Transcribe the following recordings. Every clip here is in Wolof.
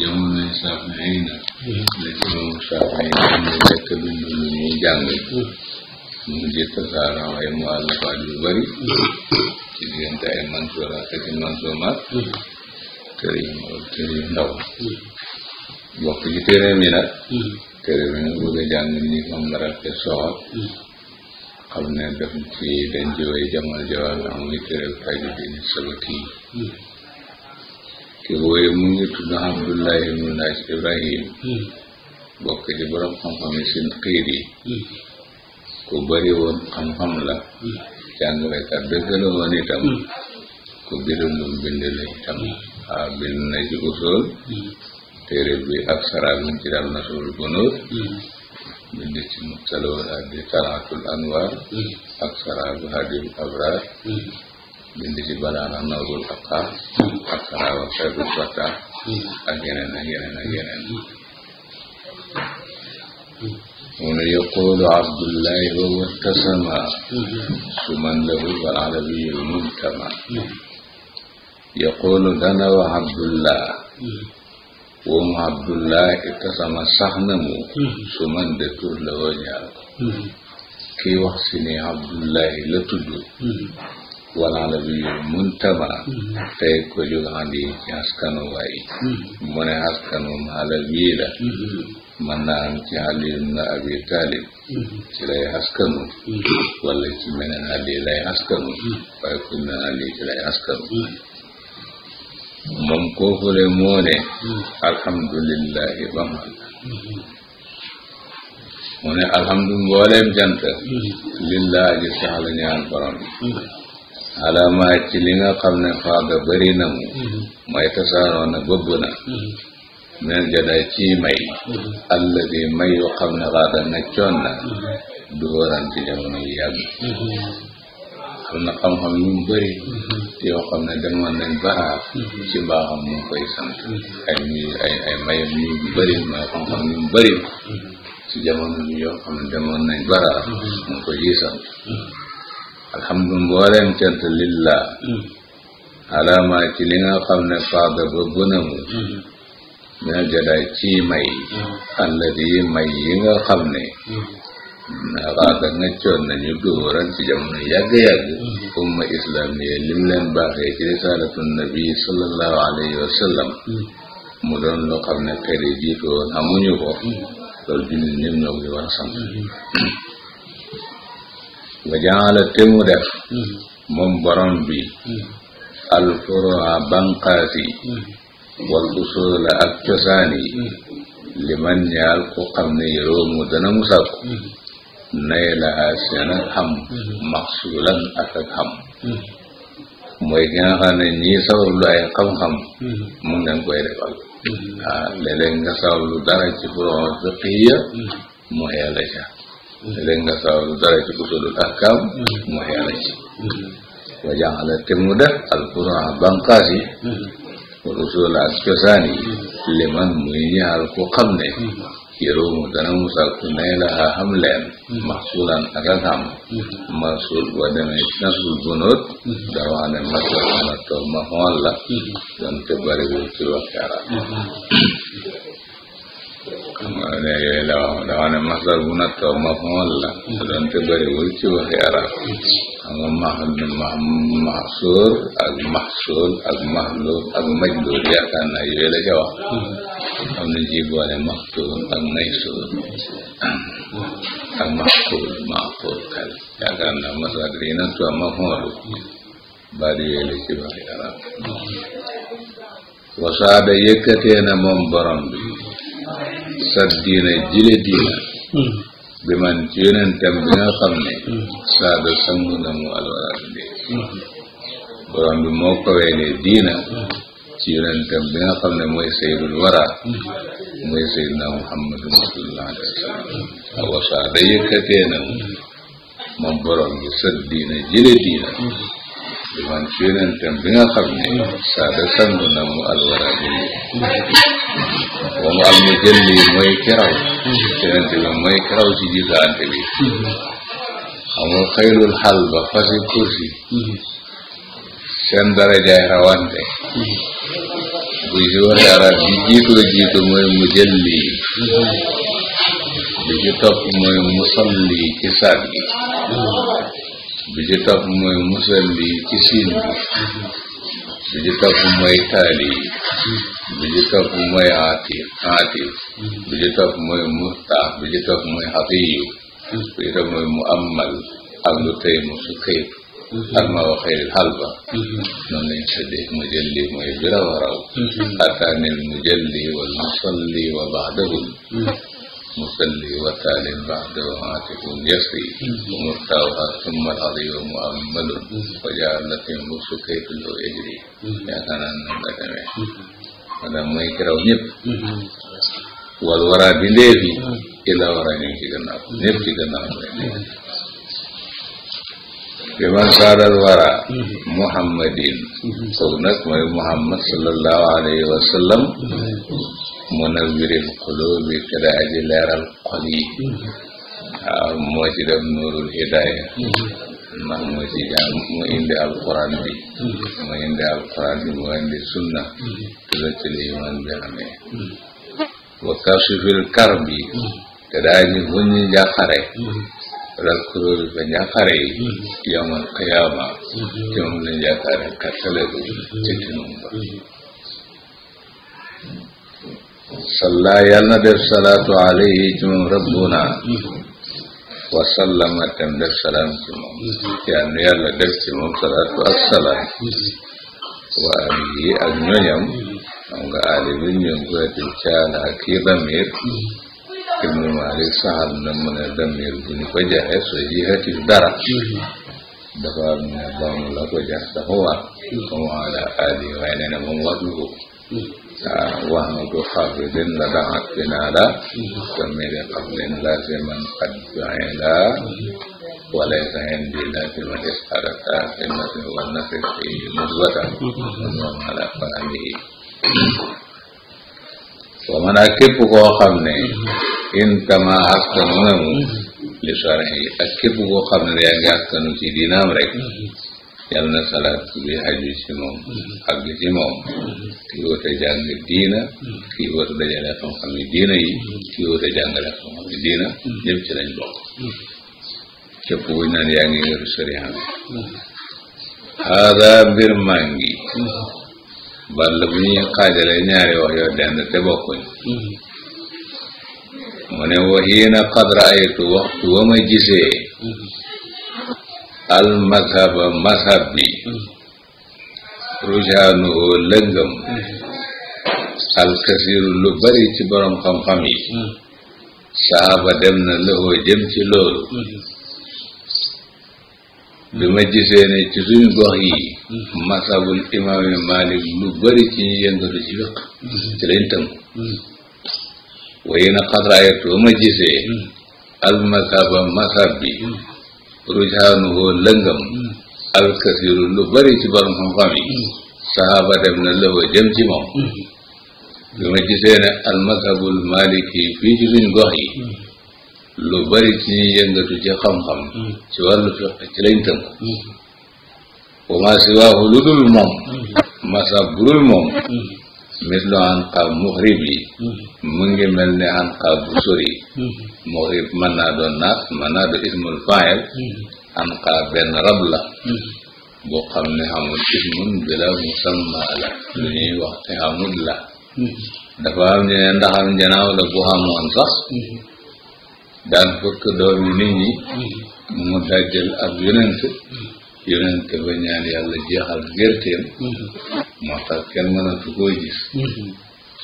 jamono yi Saafi'i na lañ imaamu Saafi'i na nekk duñ lu ñuy jàng mu mujjee tasaaroo yu bari ci diggante ay mansuuraat ak mansuumaat kër yu kër yu ndaw bokk ci téere mi nag kër yu nag bëgg a jàng ni ne def ci denc way jamono jawaab am ni téere ci wooye mu ngi tudd Abdullahi ibnu Naaj Ibrahim hmm. bokk ci borom xam-xam yi hmm. ku bari woon xam-xam la hmm. jàngalekat dëgg la woon itam ku biral lu bind la itam waaw bind na ci usul téere bi ak saraa bi ci daal nasul bunóor bind ci mustalawoon ak di talaatul anwar ak saraa bi hadil abrar bind ci balaana nawrul xaqaa ak xaraawa xeebul fataa ak yeneen ak yeneen ak yeneen mu ne yaqulu abdullahi wa wattasama suman lahul wal arabiyul mujtama yaqulu dana wa abdullah woom abdullah ittasama sax na mu suman de tur la woo ñaar ko wax si ni abdullahi la tudd walaala bi muntaba hmm. tey ko jugandi ci askanu waay hmm. mu ne askanu maala bii la mën hmm. naa am ci Abi Talib ci lay askanu wala ci meneen Ali lay askanu waaye lay askanu moom kooku le moo ne alhamdulillahi ba man mu alhamdu mbooleem jant lillah ji sax la ñaan alaamaat ci li nga xam ne faada bëri na mu mm-hmm. mooy tasaaroo na bëbb na mel mm-hmm. jadaay ci may mm-hmm. alladi may yoo xam ne xaada na coon na du waran ci jamono yu yàgg xam na xam yu bëri yoo xam ne demoon nañ baax ci baaxam mu ngi koy sant ay muy ay ay mayam yu bëri mooy xam ci jamono yu yoo xam ne demoon nañ baax mu ngi koy alhamdu mbooleem cant lillah mm. alaama ci li nga xam ne faada ba bënamu mm-hmm. mina jadaay ci may mm-hmm. alladi may yi nga xam ne mm-hmm. naxaata nga coon nañu duuran ci jamono yàgg-yàgg umma islamiya lim leen baaxee ci risalatu nabi sallallahu alayhi wa mu doon loo xam ne xëri jiitu woon amuñu ko loolu jullit ñëpp ñoo ngi war a wajaala te mu def mm-hmm. moom borom bi mm-hmm. alfura banqaas yi mm-hmm. wal usula ak cosaan yi li man ñaal ku xam ne yëroomu dana mu sàkku nay laa seen ak xam maxsulan ak mooy ki nga xam ne ay xam-xam mu koy defal waaw ah, léeg-léeg nga sawarlu dara ci mu xeela ca léeg nga sabablu dara ci usulul ahkaam mu mm-hmm. xeela ci mm-hmm. wa jaxala te mu def alfuruha banqaas yi mm-hmm. wal usul ak cosaan yi liman muy ku xam ne yëroomu dana musal ku nay laxaa xam leen maxsulan ak ak xam maxsul boo demee nasul bunóot daa wax ne masal ana toog ma xool la doon te bariwul ci waxtaan léegi la wax dafa ne masdar bu natt wa maf'ul la doon te bëriwul ci waxi arab xam nga max max maxsuur ak maxsuul ak maxluuf ak majduur naa yooyu la ca wax am na ji boole maxtuum ak maysuur ak maxquul maxquul kal yaakaar naa masdar yi natt wa maf'ul baat yooyu la ci waxi arab wasaada yëkkatee na moom borom sa diine jile diina hmm. bi man ci yonentem bi nga ne hmm. saada sangu na mu alwalaat bi hmm. borom bi moo kaweene diina ci yonentem bi nga xam ne mooy saydul wara mooy saydna muhammadu sallallahu alayhi wa sallam awa saada yëkkatee na moom borom bi sa diina jile diina di man ci yonentam bi nga xam ne saa da na mu alwara jëlli wa mu am ne jëlli mooy keraw yonent bi mooy keraw ci jiitaante bi amul xayrul xal ba fasi kursi seen darajaay rawante bu si waxee arab bi jiitoo jiitu mooy mu jëlli bi ci topp mooy musalli ci saat gi bi ci mooy musalli ci siin bi ci topp mooy taali bi ci topp mooy atif atif bi mooy muxtaar bi ci mooy xatiyu bi ci mooy mu ammal ak lu tey mu su këyb ak ma waxee xalba noonu lañ tëddee mujalli mooy bi raw raw attaanil mujalli wal musalli wa baadahum musalli wa taalin baxda wa maatikun yasri wa hmm. muftawha summa aladi wa mu ammalun hmm. wa jaalatin musu kaytulo ejri hmm. yaakaar naa noonu la demee maanaam mooy kiraw ñëpp wal wara bi ndeefi ila wara ñu ngi ci gannaaw ñëpp ci gannaaw bi man saadal wara muhammadin kooku nag mooy muhammad sallallahu alayhi wa sallam munawwiril quluubi te daa aji leeral xol yi waaw moo ci def nuurul hidaaya ndax moo ci jàng moo indi alquran bi moo indi alquran bi moo indi sunna te la ci lii man bi amee wa kashifil karbi te daa aji fuñ ñu njàqare wala kuréel ba njàqare yi yawmal qiyaama ci moom la njàqare kattale ko ba salla yàlla na def salaatu alayhi ci moom rabbuna wa sallama tem def salaam ci moom yàlla na yàlla def ci moom salaatu ak salaam wa alihi ak ñoñam xam nga ali bi ñoom goetil caala kii damir ibnu malik saxal na mu ne damir bu ko jaxe so jihati dara dafa am ne bam la ko jax dafa war comme ala ali waaye na moom war واحمد قابل لدعت بنالا ومن قبل لازما قد جعلا وليس عندي لازما استرك سنة والنفر فيه نزوة ومن على فهمه ومن أكب koo xam ne in kama askanu li sharhi ak képp koo xam ne yaa ngi askanu ci diinaam rek yal na salaat bi aju ci moom ak li ci moom kii woote jàng diina kii woote dajale xam-xam yi diina yi kii woote jàngale xam-xam yi diina ñëpp ci lañ bokk képp buñ naan yaa ngi yoru sarihan haada bir maa bu ñuy xaajale ñaari wax yoo te bokkuñ mu ne waxiina qadra aytu waxtu wa ma gisee al mazhaba mazhab bi rujaanu oo lëngëm al kasiru lu bari ci borom xam-xam yi saaba dem na lëxoo jëm ci loolu bi ma gisee ne ci suñu gox yi masabul imaami Malik lu bari ci ñu yëngatu ci fiq ci lañ tënku waye na xadraayat ba ma gisee al mazhaba mazhab bi rujaanuhu lëngam alkasiru lu bari ci borom xam-xam yi mm. saxaaba dem na lëwa jëm ci moom mm. bi ma gisee ne almashabul maliki fii ci suñ mm. lu bari ci ñuy yëngatu ci xam-xam ci wàllu fiq ci lañ tënk wa maa siwaahu lu dul moom masab bu mislu anqaab muhrib yi mm-hmm. mu ngi mel ni anqaab bu mm-hmm. muhrib mën naa doon naas mën naa doon ismul faayil mm-hmm. anqaab benn rab la boo xam ne xamul ismun bila musamma la lu ñuy wax te xamul la dafa am ñu ne ndaxam njanaaw la bu xamoon sax daan fëkk doom yi ñi mu dajjal ab yonent ba ñaan yàlla jeexal ngërteem mm-hmm. moo tax kenn mënatu koo gis mm-hmm.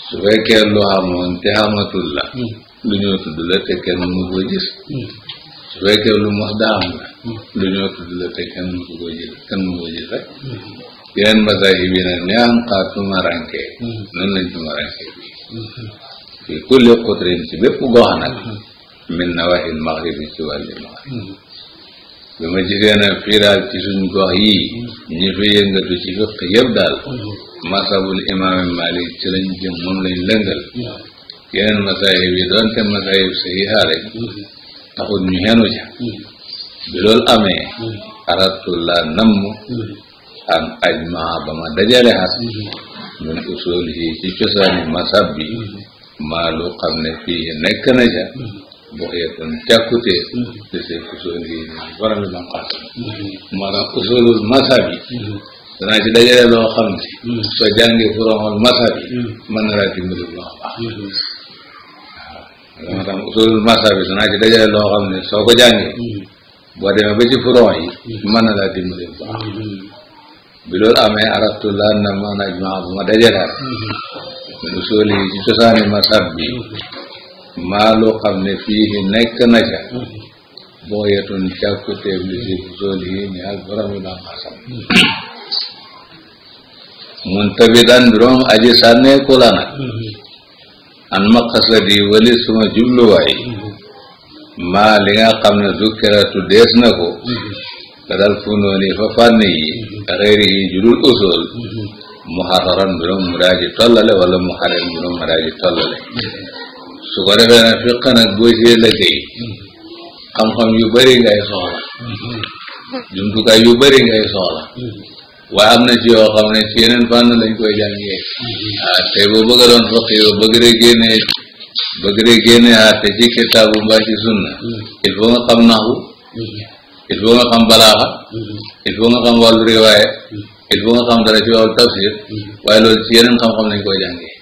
su fekkee lu xamoon te la mm-hmm. lu ñoo tudd la te kenn mënu koo su fekkee lu mos daam la lu ñoo tudd la te kenn mënu koo gis kenn mënu koo gis rek yeneen masaahib yi nag ñaan xaar tumaranke kulli xutrin ci bépp gox nag min nawahil maxribi ci wàlli maxrib bi ma gisee nag fii ci suñ gox yi ñi fi yëngatu ci fiq yëpp daal masabul imaami Malik ci lañ jëm moom lañ lëngal yeneen masaayib yi doonte masaayib sahiha rek taxul ñu xenu ca bi loolu amee aratu la namm an ajmaa ba ma dajale xas min usul ci cosaani masab bi maa lu xam ne fii nekk na buxyatan càkkutee mm-hmm. di say usul yi waral maqaat moo mm-hmm. tax usulul masab yi mm-hmm. danaa ci dajale loo xam ne soo jàngee furoxol masab yi mën na laa dimbali bu baax a baax waaw moo tax usulul masab yi danaa ci dajale loo xam ne soo ko jàngee boo demee ba ci furox yi mën na laa dimbali bu baax bi loolu amee araftu laan na maanaam bu ma dajalaat min usul yi ci cosaani masab bi maa loo xam ne fii nekk na ca booyatun càkkuteef li si zone yi ñaar borom yi maa xam mun tabidan aji sànneeku la nag an maqasadi wali suma jubluwaay maa li nga xam ne zukkiratu dees na ko te dal funooni fa fànn yi jurul usul muharraran biroom mu daaji tollale wala muharram biroom mu daaji tollale su ko defee nag fiq nag boo see lëggéey xam-xam yu bëri ngay soxla jumtukaay yu bëri ngay soxla waaye am na ci yoo xam ne ci yeneen fànn lañ koy jàngee ah tey boo bëgg a doon faqi yoo bëgg de génnee bëgg de génnee ah te ci kitaabu mbaa ci sunna il faut nga xam naxu il faut nga xam balaaxa il faut nga xam wàllu riwaaya il faut nga xam dara ci wàllu tafsir waaye loolu ci yeneen xam-xam lañ koy jàngee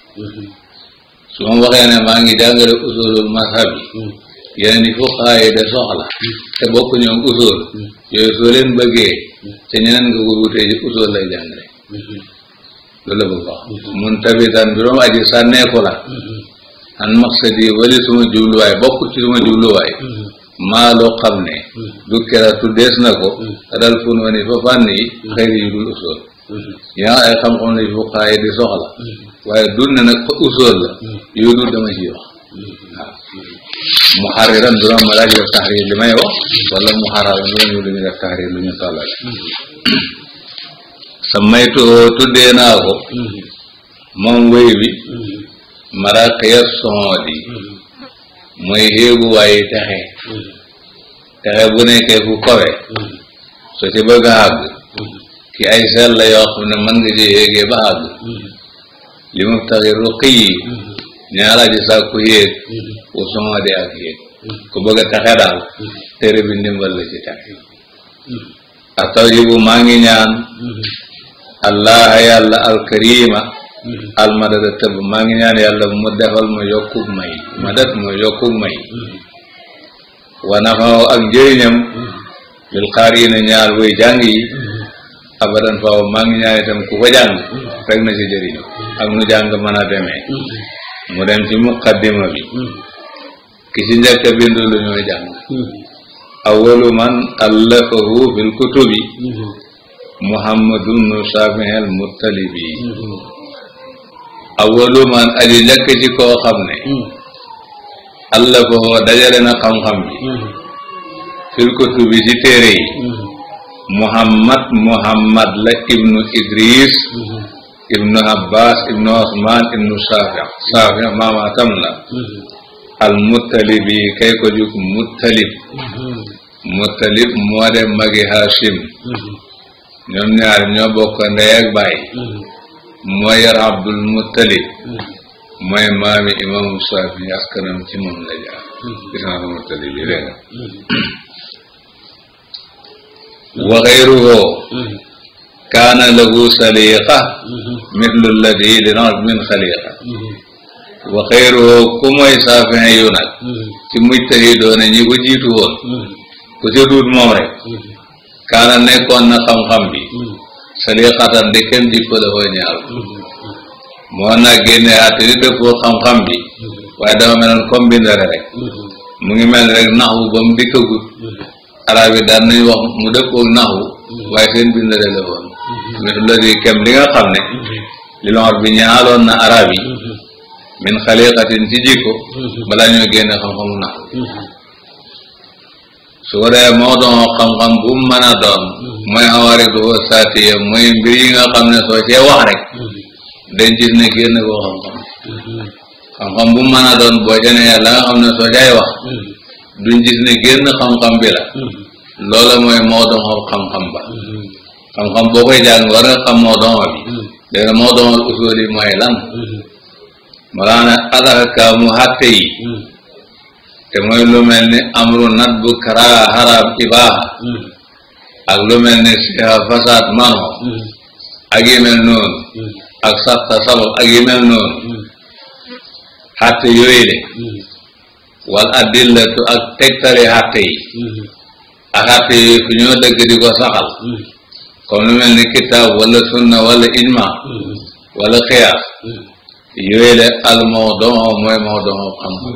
su ma waxee ne maa ngi jàngale usulul mazhab yi hmm. yeneen i fuqaa yi de soxla hmm. te bokk ñoom usul hmm. yooyu soo leen bëggee te ñeneen nga ko wutee ji usul lay jàngale loolu la bëgg wax mun tabitan bi doom aji sànneeku la an maqsadi wali suma jubluwaay bokk ci suma jubluwaay maa loo xam ne du kera tuddees na ko te dal fun wani fa fànn yi xëyri yu dul usul yaa ay xam-xam la yu fuqaa yi di soxla waaye dund na nag usool la hmm. yooyu dama ci hmm. wax muharriran du ma laaj def tahrir li may wax hmm. wala muharraran doon yu lu ñu def tahrir lu ñu tollale tuddee naa ko moom wéy bi maraqiya soodi mooy xéegu waaye texe texe bu nekkee fu kowe so ci bëgg a àgg ay sell la yoo xam ne mën nga ci xéegee ba àgg li mu taxi ruqi yi ne alaaji sàkku yéeg wu mm-hmm. ak yéeg ku bëgg a taxe daal mm-hmm. téere bi ndimbal la taxe mm-hmm. ak taw yibu maa ngi ñaan allah yàlla alkarima almadada tëb maa ngi ñaan yàlla mu defal ma yokkub may madat ma yokkub may wa nafaw ak njëriñam bil xaar yi na ñaar way abadan faaw maa ngi ñaan itam ku ko jàng rek na ci jëriñu ak nu jàng mën a demee mu dem ci muqaddima bi ki ci njëkk a bind lu jàng awalu man allafahu fil kutubi muhammadun shafihel muttalibi awalu man aji njëkk ci koo xam ne allafahu dajale na xam-xam bi fil kutubi ci téere yi muhammad muhammad la ibnu idris mm-hmm. ibnu abbas ibnu osman ibnu safi safi maamaatam la mm-hmm. al muttalibi kay ko jug muttalib mm-hmm. muttalib moo de magi hashim ñoom ñaar ñoo bokk ndey ak baay abdul muttalib mooy maami imaamu safi askanam ci moom la jaar wa xayruhu kaana lahu saliqa mithlu alladi li nas min xaliqa wa xayruhu ku mooy saafin yu nag ci mujtahidoon ñi ko woon ku ci duut moom rek kaana nekkoon na xam-xam bi saliqatan di kenn jikko dafa ñaaw moo nag génne àtte di xam-xam bi waaye dafa meloon comme bindare rek mu ngi mel rek nax bu ba mu dikkagut arab yi daan nañu wax mu dëppoog naxu waaye seen bind la la woon mm-hmm. misu la di kem li nga xam ne mm-hmm. li lor bi ñaaloon na arab yi mm-hmm. min xaliqatin ci jikko balaa ñoo génne xam ko xam bu mu mën a doon mooy awaaridu mooy mbir yi nga xam ne soo cee wax rek dañ gis ne génn koo xam-xam xam-xam bu mu mën boo ca ne la nga xam ne soo cay wax du gis ni génn xam-xam bi la hmm. loola mooy moo doon xam-xam ba hmm. xam-xam boo koy jàng war nga xam moo doon bi hmm. léegi moo doon usul mooy lan malaana alakaamu xatte yi te mooy lu mel ni amru nat bu karaa xaraam ibaaha ak lu mel ni siha fasaad manho ak yi mel noonu ak satta sabab ak yi mel noonu xatte yooyu de wal adillatu ak tegtali xàtte yi mm-hmm. ak xàtte yi fu ñoo dëgg di ko saxal mm-hmm. comme lu mel ni kitaab wala sunna wala ijma mm-hmm. wala xiyaas yooyu la al mawdoo mooy mawdoo xam-xam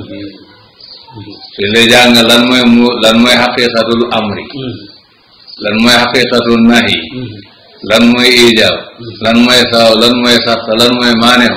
su le jàng lan mooy mu lan mooy xaqiqatul amri lan mooy xaqiqatul nahi lan mooy ijaab lan mooy saw lan mooy sarta lan mooy maaneew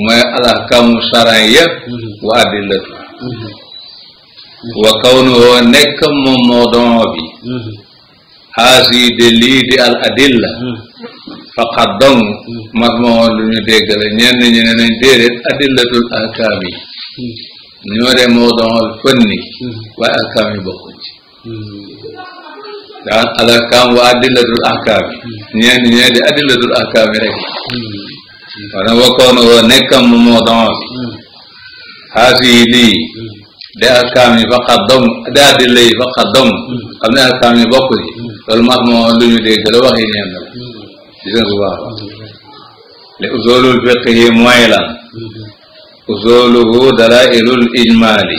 mooy alaxkaamu charan ya wa adillatu wa kawnuhu nekk moom mawduu bi xaasi de lii di al adilla faqat dong mat moom lu ñu dégg la ñenn ñu ne nañ déedéet adillatul ahkaam yi ñoo de mawduu fënni waaye ahkaam yi bokkul ci daal al ahkaam wa adillatul ahkaam yi ñenn ñee di adillatul ahkaam yi rek wala wakkoon woo nekkam mu moo doon xaasi yi lii de akaam yi faqa dom de addi lay faqa dom xam ne akaam yi bokk ci loolu mas moo lu ñu dégg la waxi ñeen la gis nga bu baax a li usulul fiqhi mooy lan usuluhu dalailul ijmaali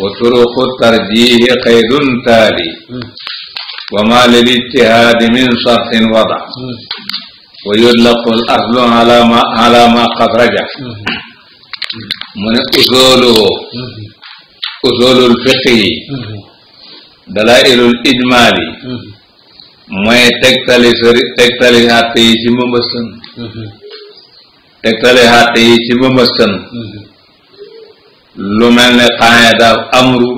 wa turuqu tarjihi qaydun taali wa ma lil ijtihaadi min sarxin wada wa yutlaqul aslu ala ma ala ma qad raja mu ne usoolu usoolul fiqi yi dalailul ijmaal yi mooy tegtali sori tegtali xàtte yi ci mbëmbëstan tegtali xàtte yi ci mbëmbëstan lu mel ne xaayadaaf amru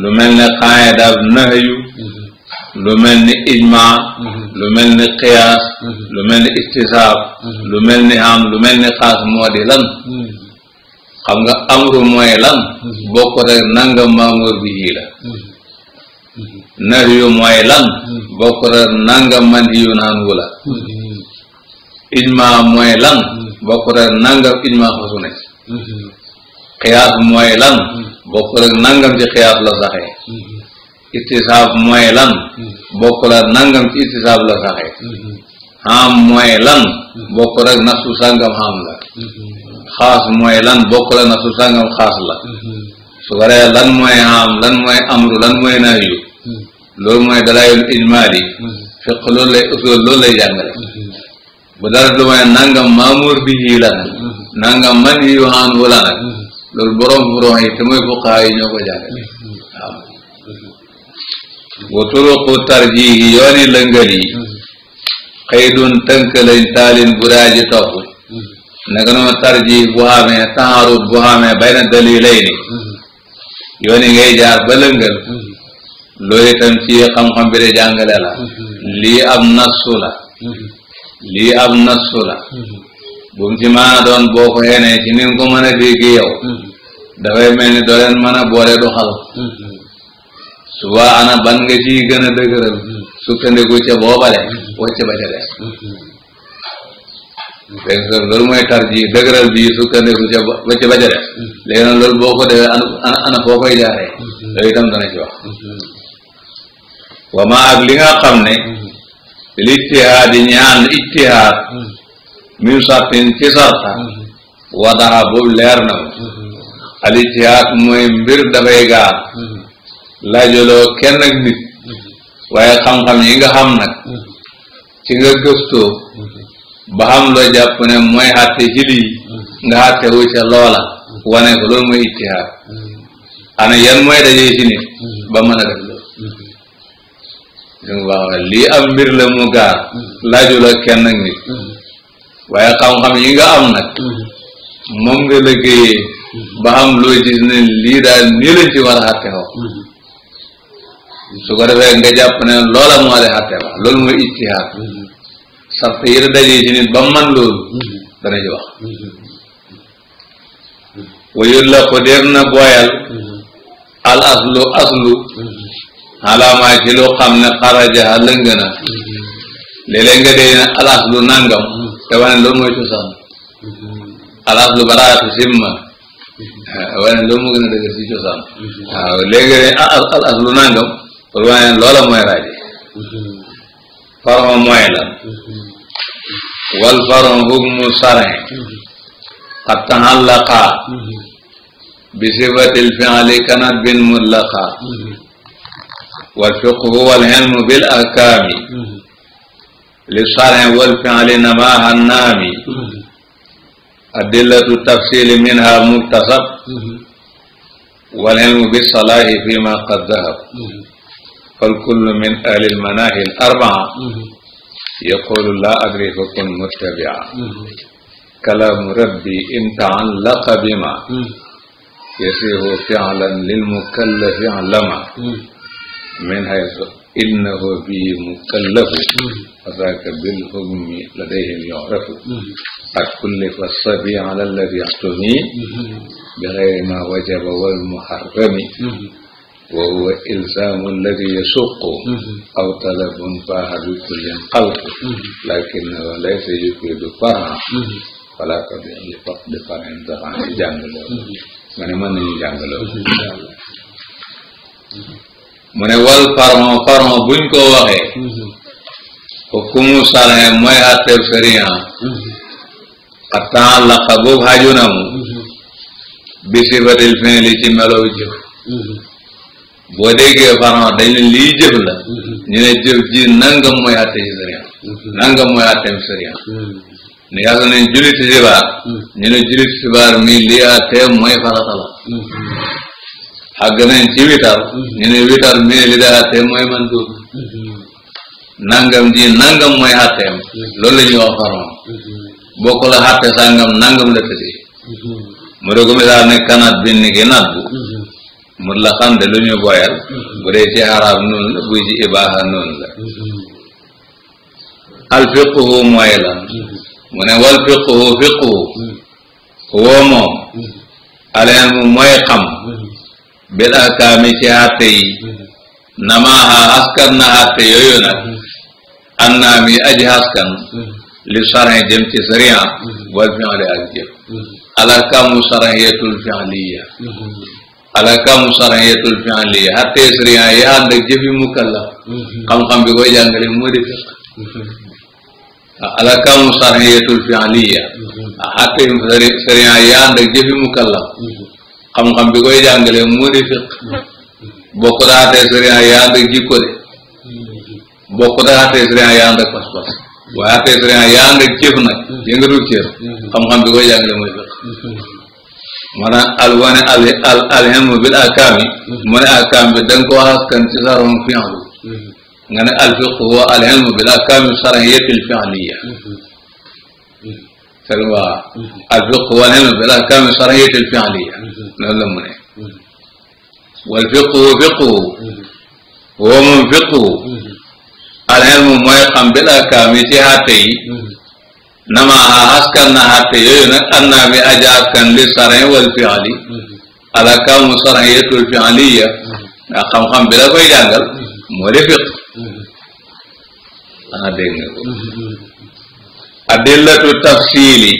lu mel ne xaayadaaf nahyu lu mel ni ijma mhm. lu mel ni qiyaas mhm. lu mel ni istisaab mhm. lu mel ni am lu mel ni xaas moo di lan xam nga amru mooy lan bokkut ak nanga maamur la nahyu mooy lan bokkut ak nanga man yu naan wula ijma mooy lan bokkut ak nanga ijma xasu na qiyaas mooy lan bokkut ak nangam ci qiyaas la saxee istisaab mooy lan hmm. bokkul ak nangam ci istisaab la saxee xam hmm. mooy lan bokkul ak nasu sàngam xam la hmm. xaas mooy lan bokkul la nasu sàngam xaas la su ko lan mooy xam lan mooy amru lan mooy nahyu loolu mooy dalaayul ijmaali fiq loolu lay usul loolu lay jàngale bu dara lu mooy nangam maamuur bi yii la nag nangam man yiyu xaan wu la nag loolu borom furox yi te mooy fuqaa yi ñoo ko jàngale wa turuqu tarjihi yooni lëngal yi xëydun tënk lañ taalin bu daaji topp naka noonu tarji bu xamee taarut bu xamee bayna dalilay ni yooni ngay jaar ba lëngal loolu itam ci xam-xam bi de jàngale la lii ab nassu la lii ab nassu la bu mu ci maana doon boo ko xeenee ci ni ko mën a dégg yow dafay mel ni doo leen boole du xal suba ana ban nga ciy gën a dëgëral sukkandiku ca boobale wacce ba ca des dégg nga loolu mooy tar ji boo ana ana foo koy jaaree loolu itam dana ci wax wa ma ak li nga xam ne l'ijtihaad ñaan ijtihaad min sartin ci sarta wadaxa boobu leer na ko al ijtihaad mooy mbir dafay gaar laajaloo kenn ak nit waaye xam-xam yi nga xam nag ci nga gëstoo ba xam loo jàpp ne mooy xàtte ci lii nga xàtte wu ca loola wane ko loolu mooy ana yan mooy dajee ci ba mën a lii am mbir la mu gaar laajaloo kenn ak nit waaye xam-xam yi nga am nag moom nga ba xam loo gis lii daal nii lañ ci war a su ko defee nga jàpp ne loola moo di xatte mooy ijtihaad sart yi da dajee ci nit ba man ko dér na booyal al aslu aslu alaamaay ci lu xam ne xaraja lëng na léeg-léeg nga dégg al aslu nangam te wane loolu mooy cosaan al aslu baraatu simma wane loolu moo gën a dëgg si cosaan waaw léegi ne ah, al aslu nangam pour wane ne loola mooy raaj forme mooy la wal forme hukmu sarin qad tahallaqa bi sifatil fi'li kanat bin mutlaqa wal fiqhu wal ilmu bil ahkami li sarin wal fi'li namaha naami adillatu tafsili minha muktasab wal ilmu bi salahi fima qad dahab فالكل من أهل المناهي الأربعة يقول لا أدري فكن متبعا كلام ربي إن تعلق بما يسير فعلا للمكلف علما من حيث إنه به مكلف فذاك بالحكم لديهم يعرف قد كلف الصبي على الذي يحتمي بغير ما وجب والمحرم wa huwa ilzaamu alladi yasuqu aw talabun faaxa bi kullin xalqu lakinnahu laysa yufiidu faraxa wala ko di li faq di faraxin saxaan ci jàngaloo ma ne mën nañu jàngaloo mu ne wal faron faron buñ ko waxee xukumu sarxe mooy àtteeb sariyan xattaan laqa boobu xaju na mu bi sifatil fiili ci melow jëf boo déggee faran dañ ne lii jëf la mm-hmm. ñu ne jëf ji nangam mooy àtte ci sariya mm-hmm. nangam mooy àtteem sariya ni nga xam mm-hmm. ne jullit sibaar ñu ne jullit sibaar mii lii àtteem mooy farata la xàgg nañ ci witar ñu ne witar mii li daa àtteem mooy man duub nangam ji nangam mooy àtteem loolu la ñuy wax faran bokk sangam nangam la tëddee mu dogu misaal ne kanat bi ni nat bu mutlaqan de lu ñu boyal mm-hmm. bu dee ci arab noonu la buy ci ibaaha noonu la mm-hmm. al fiqhu mooy lan mm-hmm. mu ne wal fiqhu fiqhu woo moom al ilmu mooy xam bil ahkaami ci àtte yi namaaha askan na àtte yooyu nag annaam yi aji askan li charin jëm ci sariya wal fi'li ak jëf al ahkaamu chariyatul fi'liya a shar'iyatul fi'liya attee sariya yi ànd ak mukallaf mhm. xam-xam bi koy jàngale moo di fiq mhm. alakaamu shar'iyatul fi'liya mhm. sariya yi ànd ak mukallaf xam-xam bi koy jàngale moo di fiq bokk na attee sariya yi ànd jikko de bokk na attee sariya yi ànd ak pas-pas waaye attee sariya yi ànd ak jëf nag yëngatul cër xam-xam bi koy jàngale mooy fiq moo tax al wane al al alhemu bil akaam yi mu mm-hmm. ne akaam bi da nga ko askan ci saroon fi'lu mm-hmm. nga ne al fiqhu huwa alhemu bil akaam shar'iyyatil fi'liyya waaw mm-hmm. al fiqhu huwa alhemu bil akaam shar'iyyatil fi'liyya loolu la mu ne wal fiqhu fiqhu huwa moom fiqhu alhemu mooy xam bil akaam yi ci àtte yi namaha askan na xarte yooyu nag an naa mi aja askan li sarin wal fiali ala kawmu sarin yetul fialiya nga xam-xam bi la koy jàngal moo fiq ana dégg nga ko adillatu tafsili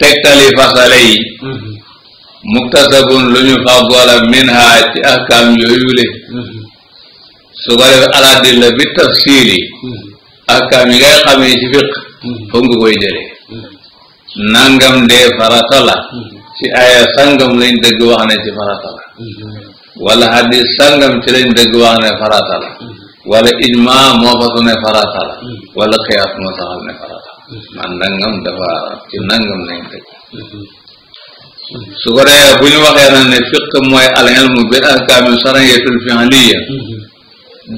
tegtali fasale yi muktasabun lu ñu min ha ahkam yooyule su ko def bi tafsili ahkam yi ngay xamee ci fiq Mm-hmm. foog nga koy jëlee mm-hmm. nangam dee farata la mm-hmm. ci aya sangam lañ dëgg wax ne ci farata wala hadis sangam ci lañ dëgg wax ne farata la wala ijma moo fasu ne farata la wala xiyaas moo saxal ne farata man nangam dafa ci nangam lañ dëgg su ko defee bu ñu waxee na ne fiq mooy al ilmu bil ahkaami shariyatul fi'liya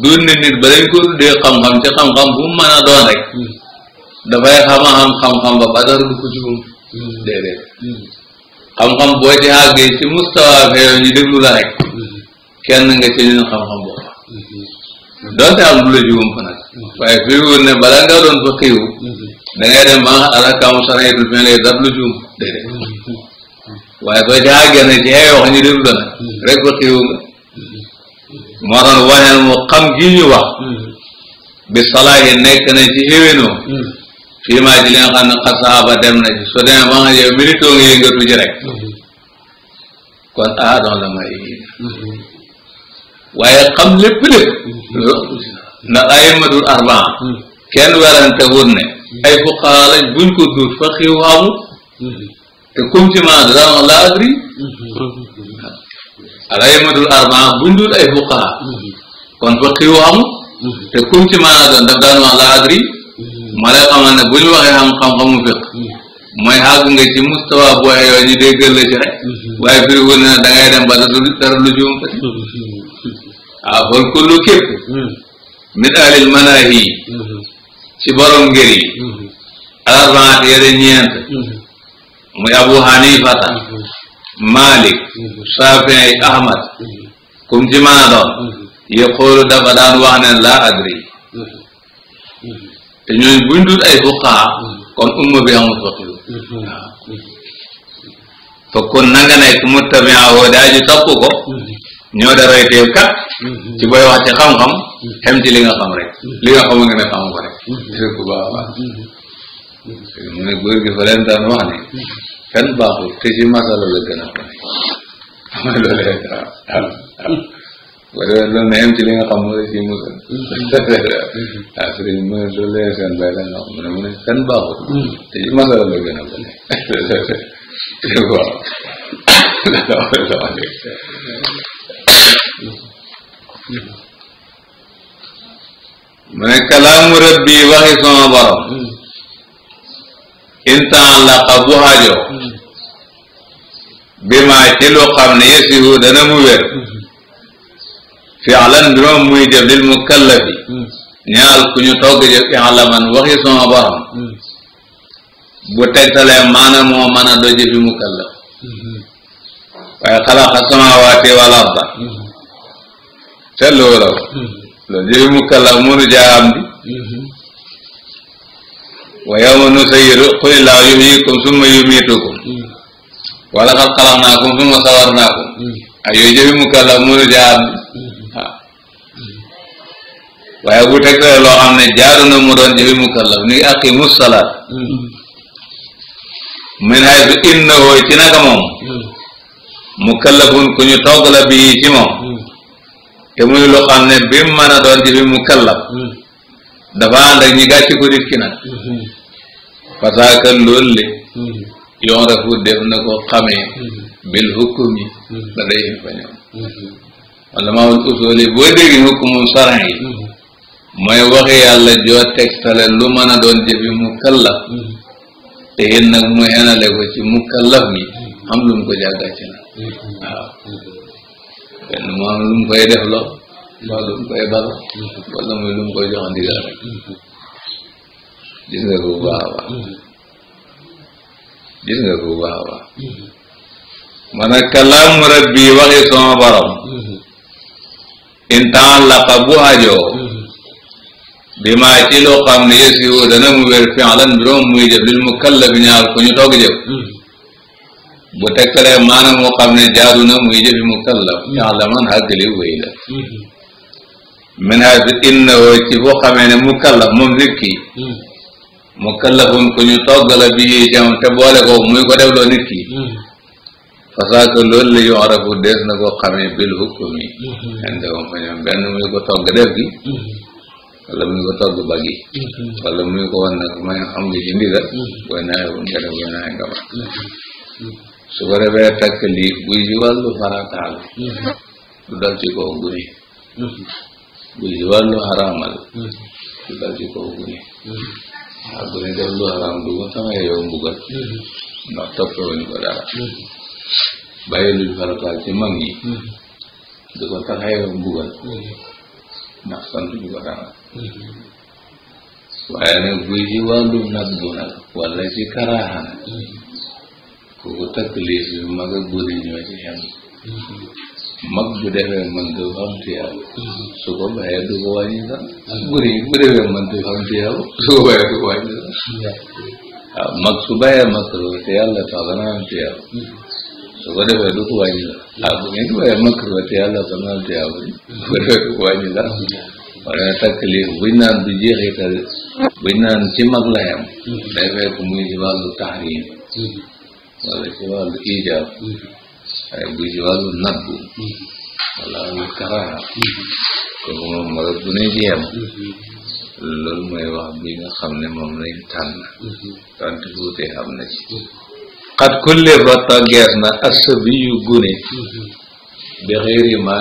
dund nit ba ko tuddee xam-xam ci xam-xam bu mu mën a dafay xama xam xam-xam ba ba dara du ko ci moom déedéet xam-xam boo ci àggee ci mustawa feeyo ñu déglu rek kenn nga ci ñun xam-xam booba donte am du la juum fa nag waaye fii wóor ne balaa nga doon fa xiiw da dem ba nga ala kaamu sara itul fin lay dab lu juum déedéet waaye soo ci àggee ci xeey wax ñu déglu la rek fa xiiw moo tax waneen mu xam gi ñu wax bi salaahi nekk na ci xéwénoo fii maa ji li nga xam dem na ci su demee ba nga yow militoo nga yëngatu ji rek kon ah doon la may waaye xam lépp lépp na aymatul arbaa kenn werante wut ne ay fuqaha lañ buñ ko duut fa xiw te comme ci maa dara wax laa adri al aymatul arbaa buñ duut ay fuqaha kon fa xiw te comme ci maa daan daf adri ma la xamal ne bu ñu waxee xam xam fiq mooy àgg nga ci mustawa bu ay yoo ñu déggal la ci rek waaye firiwul na da ngay dem ba dara lu juum fa ah, waaw fal kullu képp min alil manahi ci borom ngir yi alarbaat yére ñeent abu hanifata malik shafii ahmad kum ci mën a doon yaqulu dafa daan wax ne adri te ñooñu buñ dul ay fuqaa mm-hmm. kon umma bi amul faq yu mm-hmm. waaw fa kon na woo daa ji ko mm-hmm. ñoo da roy teew kat ci booy wax ci xam-xam xem ci li nga xam rek li nga xamul nga ne xam ko rek sëg ko baax mu ne góor gi fa leen daan wax ne kan baaxul te ci masala la gën a ko ne ama loolu wala loolu na yem ci li nga xam mooy ci mu ne loolu lay mu ne mu ne seen baaxul te ci gën a bëri mu ne kalaamu rabbi waxi sama borom intaan laqa bu xaajoo bi maa ci lu xam ne yesihu dana mu wér fi'lan mbiroom muy def lil mukallafi hmm. ñaal ku ñu togg jëf i'laman waxi sama borom hmm. bu tegtalee maana moo mën a doo jëfi mukallaf hmm. waaye xalaqa samawaati wal arda te loolu loolu jëfi mukallaf mënu jaa am di wa yawma nusayyiru qul illaahu yuhyikum summa yumiitukum wa laqad xalaqnaakum summa sawarnaakum ay yooyu jëfi mukallaf mënu jaa am di waaye bu teg tey loo xam ne jaadu na mu doon jëfi mukallaf ni aqimu salaat min haytu innahu ci naka moom mukallafun ku ñu togg la bii ci moom te muy lu xam ne bi mu mën a doon jëfi mukallaf dafa ànd ak ñi gàcc ko nit ki nag parce que loolu le yoon def na ko xamee bil hukkumi la day hin fa ñoom wala maawul usuli boo dégg hukkumum saran mooy waxi yàlla joo tegtale lu mën a doon jëfi mukallaf te yéen nag mu xenale ko ci mukallaf gi am lu mu ko jàgga ci la mu am lu koy def lo mbaa lu mu koy bal wala muy lu koy jox ndigal rek gis nga ko baax baax gis nga ko baax baax man a kalaamu rabbi waxi sama borom in taalaqa bu ajoo bi maa ci loo xam ne yes yu dana mu wér fi'lan mbiroom muy jëf lil mukallaf ñaar ku ñu toog jëf bu tegtalee maanaam moo xam ne jaadu na muy jëfi mukallaf fi'lan xàggli wéy la min ha fi innahu ci boo xamee ne mukallaf moom rikki mukallafun ku ñu togg la bii te boole ko muy ko def loo nit ki fasaaka loolu la yu'rafu dees na ko xamee bil hukmi indahum fa ñoom benn def gi wala muy ko togg bagi mm-hmm. wala muy ko wan nag may xam nga ci ndida mm-hmm. booy naawee bu ngere booy naawee nga ba mm-hmm. su ko defee takk lii buy ci wàllu farataal du dal ci kaw guni buy ci wàllu xaraamal du dal ci kaw guni waaw guni def lu xaraam du ko samay yow mbugal ndax toppewuñ ko dara bàyyi luñ farataal ci mag ñi du ko tax a yow mbugal ndax sant ñu ko dara waaye nag buy ci wàllum nag bu nag wala ci karaaxa nag kooku taklif mag ak gune ñoo ci mag bu defee mën du xam ci yow su ko bàyyee du ko wàññi sax gune yi bu defee mën du xam ci yow su ko bàyyee du ko wàññi sax waaw mag su bàyyee makaro te yàlla tax dana am ci waaye taklif bu naan du jeexital buñ naan ci mag la yam day fekk muy ci wàllu tahrim wala ci wàllu ijaab waaye bu ci wàllu nabbu wala wàllu karaha kooku moom mara bu ne ci yam loolu mooy wax bi nga xam ne moom lañ tànn tante fuutee am na ci xat kulle ba toggees na asabiyu gune bi xëyri ma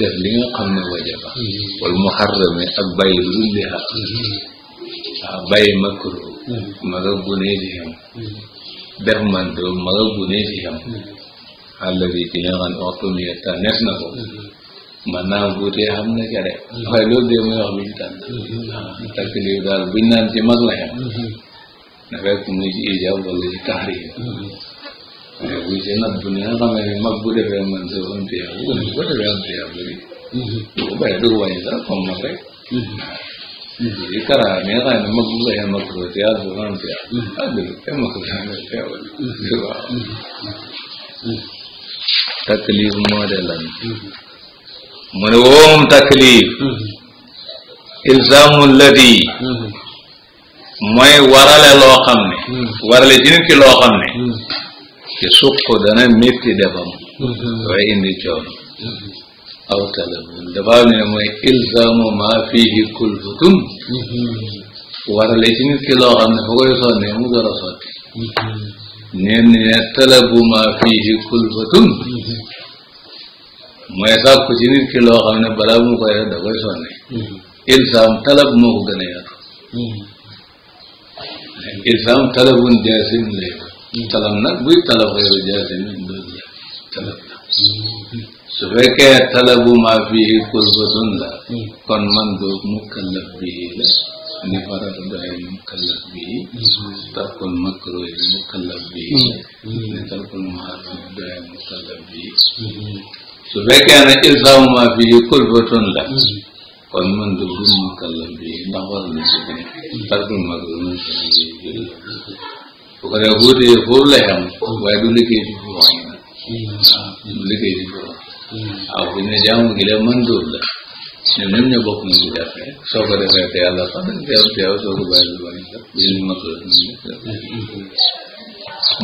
def li nga xam ne wajaba mm-hmm. wal muharrami ak bàyyi lu dul liha mm-hmm. waaw maga gunee ci xam def mando maga gunee ci xam àlla ci nga ne waxtu mi tànneef na ko mm-hmm. man naa guutee xam na ca de waaye de muy wax lu ci daal buñ naan ci mag la xam na fekk muy ci ijaab wala ci tahrim mais bu ci natt ne nga xamee ne mag bu defee man sa am tiya bu ko bu ko defee am tiya bëri. du ko bàyyi du ko wàññi sax comme mag rek. yi karaa mi nga xam ne mag bu koy mag ko tiya du ko am tiya. ah du ko mag ko tiya nga tiya wala. waaw. taklif moo de lan. mu ne woom taklif. ilzaamu ladi. mooy warale loo xam ne. warale ci nit ki loo xam ne. te suq dana métti defam dafay mm-hmm. indi mooy ilzaamu maa fiihi kulfatun mm-hmm. warale ci nit ki loo xam ne fa koy mu door sotti mm-hmm. ni ne talabu maa kulfatun mooy sàkku ci nit ki loo xam ne balaa mu koy da koy sonne ilzaam talab moo ko gën a yaatu ilzaam talabun jaasim lay talab nag buy talab xeeru jaasin talab la su fekkee talabu ma fihi qurbatun la kon man doo mukallaf bihi la ni farat doy mukallaf bihi tarkul makruh mukallaf bihi ni tarkul muharram doy mukallaf ma fihi qurbatun la kon man du mukallaf bihi ndax war na si tarkul makruh su ko defee boo téyee foofu lay am waaye du liggéey ci foofu hmm. du liggéey ci foofu hmm. waaw bu ñu ne jaamu gi la mën dóor la ñoom ñoom ñoo ci jàppe soo ko defee te yàlla sax dañ teew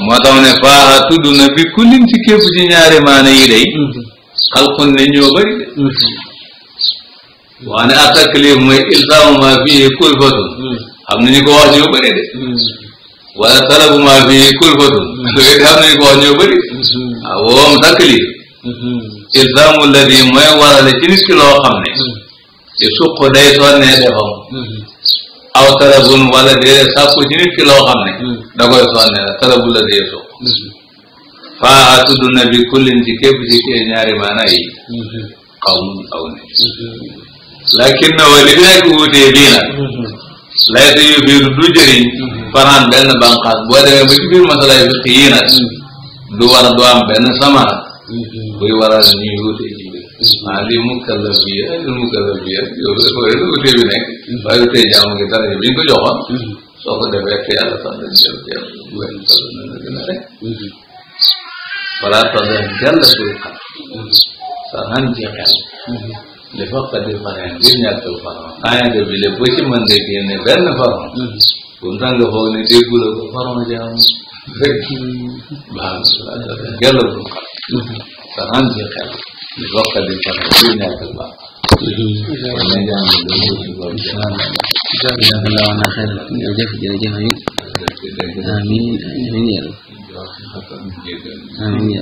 moo tax ne faaxa tudd na bi kullin ci képp ci ñaari maana yi day xalqun ne ñoo bëri de wax ne attaklif mooy ilzaamu ma fii kulfatun xam hmm. nañu ko wax ñoo bëri de wala talabu maa fii kulfatun da ngay xam nañu ko wax ñoo bëri waaw woom taklif ilzaamu alladi mooy warale ci nit ki loo xam ne ci mm-hmm. suq day sonnee defam mm-hmm. aw talabun wala dee sàkku ci nit ki loo xam ne mm-hmm. da koy sonnee la talabu la dee suq faa tudd na bi kullin ci képp ci kee maana yi xaw aw ne lakin na wa li fi nekk yu biir du jëriñ faraan benn banqaas boo demee ba ci biir masalay fiq yii nag mm. war a du am benn samara mm-hmm. buy waral ñuy wute ci biir ah lii mukallaf bi ya lii mukallaf bi ya mm-hmm. jaamu ngi dara bi ñu ko joxoon soo ko defee te yàlla sax dañ jël teew gën a rek wala li faqdi a ngir ñàkk faron xaayante bi lépp ci mën de génne benn faron pour nga foog ne déggula ko faron jaam fekk baax gelo du xam li faqdi faneen ngir ñàkk baax jërëjëf jërëjëf amiin amiin yàlla amiin